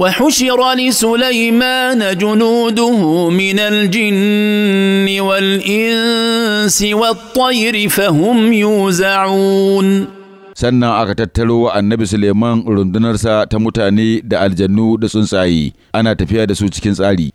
وحشر لسليمان جنوده من الجن والإنس والطير فهم يوزعون sannan aka tattaro wa annabi Suleiman rundunarsa ta mutane da aljannu da tsuntsaye ana tafiya da su cikin tsari